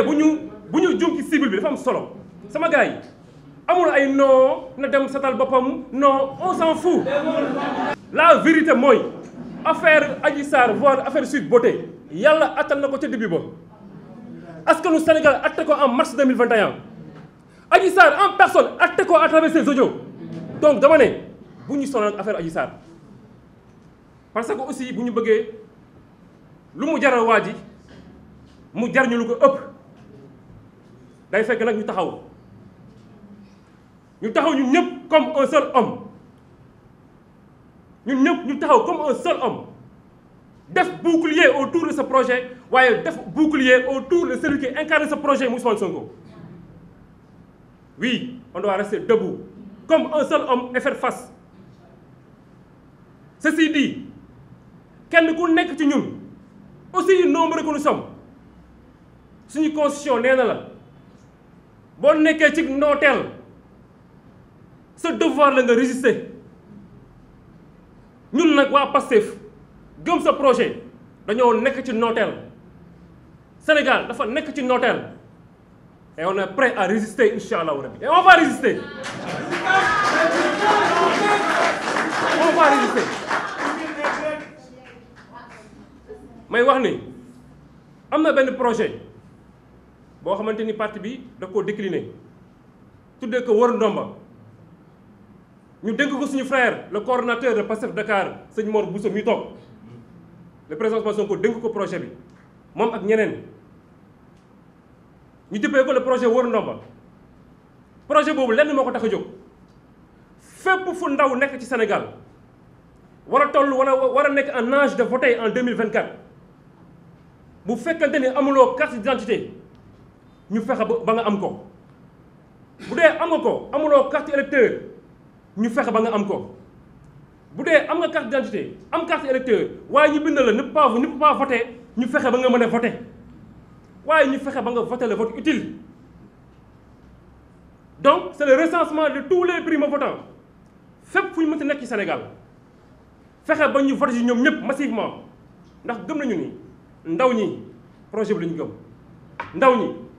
Si ñu nous cible solo na non on s'en fout la vérité est affaire aji voire affaire sud Beauté un côté du nous Est-ce que nous, Sénégal atte en mars 2021 en personne atte à travers ses audios donc dama vous nous sommes affaire parce que aussi bu ñu lu mu nous nous mu day fekk nag ñu taxaw ñu taxaw ñun ñëpp comme un seul homme ñun ñëpp ñu taxaw comme un seul homme def bouclier autour de ce projet waye def bouclier autour de celui qui incarne ce projet Moussa Songo. oui on doit rester debout comme un seul homme et faire face ceci dit kenn ku nekk ci ñun aussi nombre que nous sommes suñu constitution nous la boo nekkee ci nooteel sa devoir la nga résister ñun nag waa Pastef gëm sa projet dañoo nekk ci nooteel Sénégal dafa nekk ci nooteel et on est prêt à may wax ni am na benn projet bo xamanteni parti bi da ko décliné ko wor ndomba ñu ko frère le coordinateur de Passef Dakar Mor Bousso mi le président ko dénk ko projet bi ak ñu ko le projet wor ndomba projet a fu ndaw ci Sénégal âge de voter en 2024 bu fekkante amulo carte d'identité nous faisons ba nga am ko bu am nga ko carte électeur ñu fexe ba nga am ko am carte d'identité am carte électeur waaye ñu bind ne pas pas voter ñu fexe ba nga voter le vote utile donc c'est le recensement de tous les primo-votants fépp fu ñu mënta ci Sénégal fexe ba ñu voter ci ñoom massivement ndax gëm nañu ni ndaw ñi projet bi la